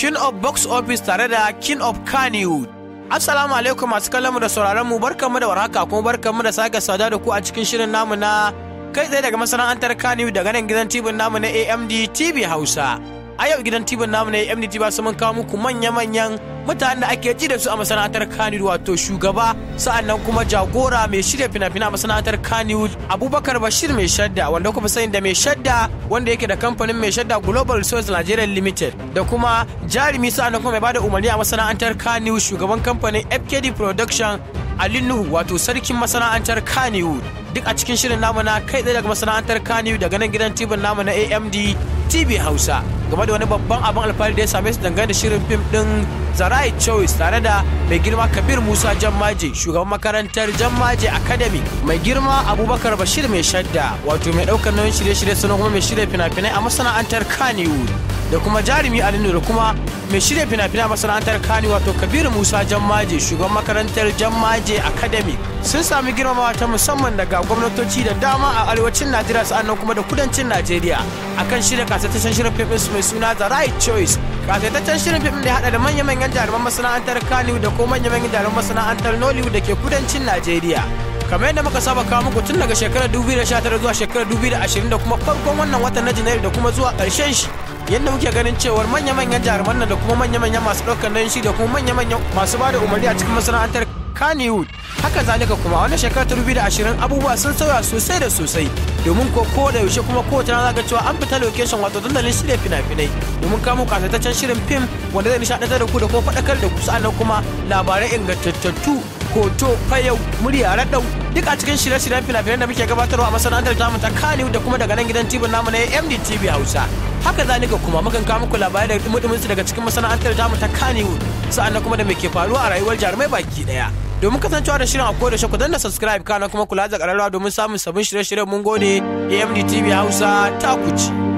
King of Box Office tare da King of Kannywood. Assalamu alaikum masu kallon mu da sauraron mu barkanmu da warhaka kuma barkanmu da sake sada da ku a cikin shirin namu na kai tsaye daga masana'antar Kannywood daga nan gidan TV namu na AMD TV Hausa. a yau gidan tibin namu ne MDT ba su mun kawo muku manya-manyan mutanen da ake ji da su a masana'antar Kannywood wato shugaba nan kuma jagora mai shirya fina-fina a masana'antar Kannywood Abubakar Bashir mai shadda wanda kuma sani da mai shadda wanda yake da kamfanin mai shadda Global Resource Nigeria Limited da kuma jarumi nan kuma mai bada umarni a masana'antar Kannywood shugaban kamfanin FKD Production Ali Nuhu wato sarkin masana'antar Kannywood duk a cikin shirin namu kai tsaye daga masana'antar Kannywood daga nan gidan tibin namu na AMD tv hausa game da wani babban abin alfahari da ya same su dangane da shirin fim din zarai choice tare da mai girma kabir musa jammaje shugaban makarantar jammaje academy mai girma abubakar bashir mai shadda wato mai daukar nauyin shirye-shirye sannan kuma mai shirya fina-finai a masana'antar kannywood da kuma jarumi alinu da kuma mai shirya fina-finai a masana'antar kani wato kabir musa jammaje shugaban makarantar jammaje academy sun sami girmamawa ta musamman daga gwamnatoci da dama a arewacin najeriya sa'annan kuma da kudancin najeriya akan shirya gazetacen shirin fim su mai suna The Right Choice. Gazetacen shirin fim da hada da manya-manyan jaruman masana'antar Kaniwu da ko manya-manyan jaruman masana'antar Nollywood da ke kudancin Najeriya. kamar yadda muka saba kawo muku tun daga shekarar 2019 zuwa shekarar 2020 da kuma farkon wannan watan na janairu da kuma zuwa ƙarshen shi yadda muke ganin cewar manya-manyan jaruman da kuma manya-manyan masu ɗaukar nan shi da kuma manya-manyan masu ba da umarni a cikin masana'antar Kannywood. Haka zalika kuma wannan shekarar ta da abubuwa sun sauya sosai da sosai domin ko ko da yaushe kuma ko ta zaga cewa an fita location wato dandalin shirya fina-finai domin kamo kasataccen shirin fim wanda zai nishaɗantar da ku da ko faɗakar da ku sa'annan kuma labarai ingantattu hoto fayau murya raɗau duk a cikin shirye-shiryen fina-finai da muke gabatarwa a masana'antar tamu ta Kannywood da kuma daga nan gidan TV namu na MDTV Hausa. haka zalika kuma mukan kawo muku labarai da dumudumin su daga cikin masana'antar tamu ta Kannywood sa'annan kuma da me ke faruwa a rayuwar jarumai baki daya domin kasancewa da shirin a koda shi ku danna subscribe kana kuma kula da ƙararrawa domin samun sabbin shirye-shiryen mun gode AMD TV Hausa ta kuci.